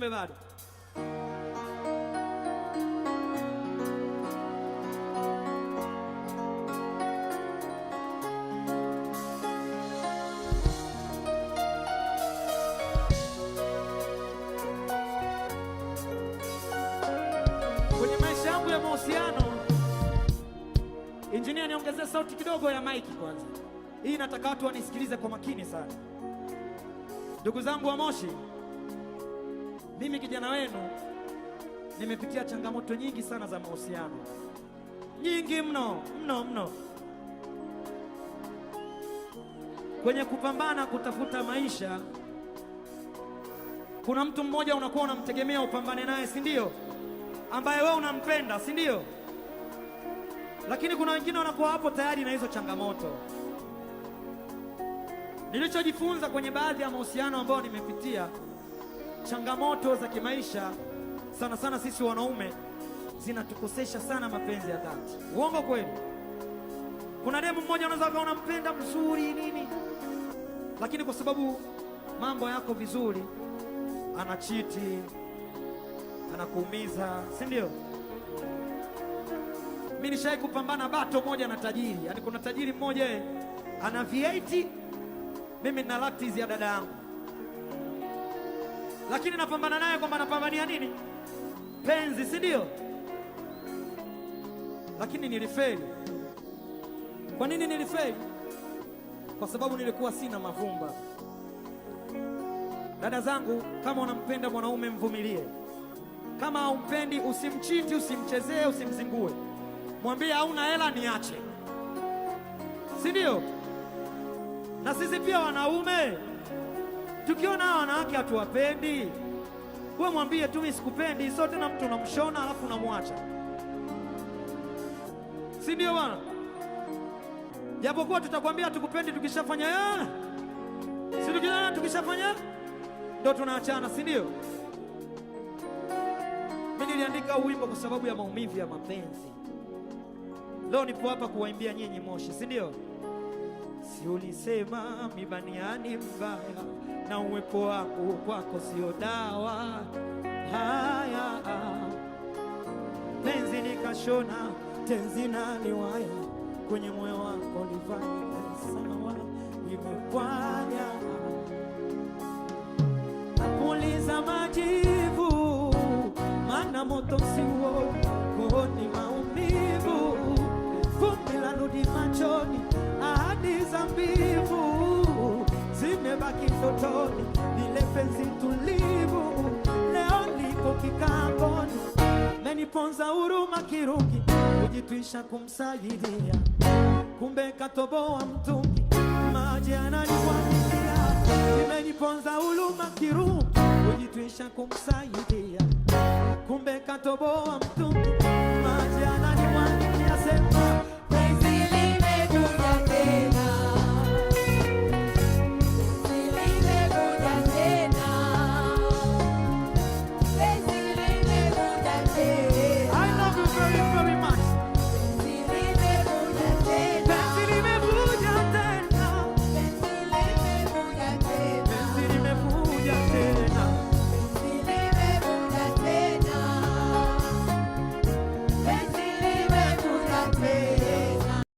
kumbe kwenye maisha yangu ya mahusiano. Injinia, niongezee sauti kidogo ya maiki kwanza. Hii nataka watu wanisikilize kwa makini sana, ndugu zangu wa Moshi. Mimi kijana wenu nimepitia changamoto nyingi sana za mahusiano, nyingi mno mno mno, kwenye kupambana kutafuta maisha. Kuna mtu mmoja unakuwa unamtegemea upambane naye, si ndio? Ambaye wewe unampenda, si ndio? Lakini kuna wengine wanakuwa hapo tayari na hizo changamoto. Nilichojifunza kwenye baadhi ya mahusiano ambayo nimepitia changamoto za kimaisha sana sana sisi wanaume zinatukosesha sana mapenzi ya dhati. Uongo kweli? Kuna demu mmoja unaweza kaona mpenda mzuri nini, lakini kwa sababu mambo yako vizuri, anachiti anakuumiza, si ndio? Mimi nishai kupambana bato moja na tajiri, yaani kuna tajiri mmoja eh, ana V8 mimi nina lactis ya dada yangu lakini napambana naye kwamba napambania nini? Penzi, si ndio? Lakini nilifeli. Kwa nini nilifeli? Kwa sababu nilikuwa sina mavumba. Dada zangu, kama unampenda mwanaume mvumilie. Kama haumpendi usimchiti, usimchezee, usimzingue. Mwambie hauna hela, niache, si ndio? Na sisi pia wanaume Tukiona hawa wanawake hatuwapendi, wewe mwambie tu mimi sikupendi, sio tena mtu unamshona alafu unamwacha, si ndio bwana? Japokuwa tutakwambia tukupendi, tukishafanya eh, si tukiana, tukishafanya ndo tunaachana, si ndio? Mimi niliandika wimbo kwa sababu ya maumivu ya mapenzi. Leo nipo hapa kuwaimbia nyinyi Moshi, si ndio? si ulisema mibaniani mbaya na uwepo wangu kwako sio dawa. Haya penzi nikashona tenzi na liwaya kwenye moyo wako livani sawa imekwaya nakuuliza majivu, mana moto siwo koni maumivu zimebaki totoni, vile penzi tulivu leo liko kikamboni, meniponza huruma kirungi, kujitwisha kumsaidia, kumbe katoboa mtungi, maji ananimwagikia. Imeniponza huruma kirungi, kujitwisha kumsaidia, kumbe katoboa mtungi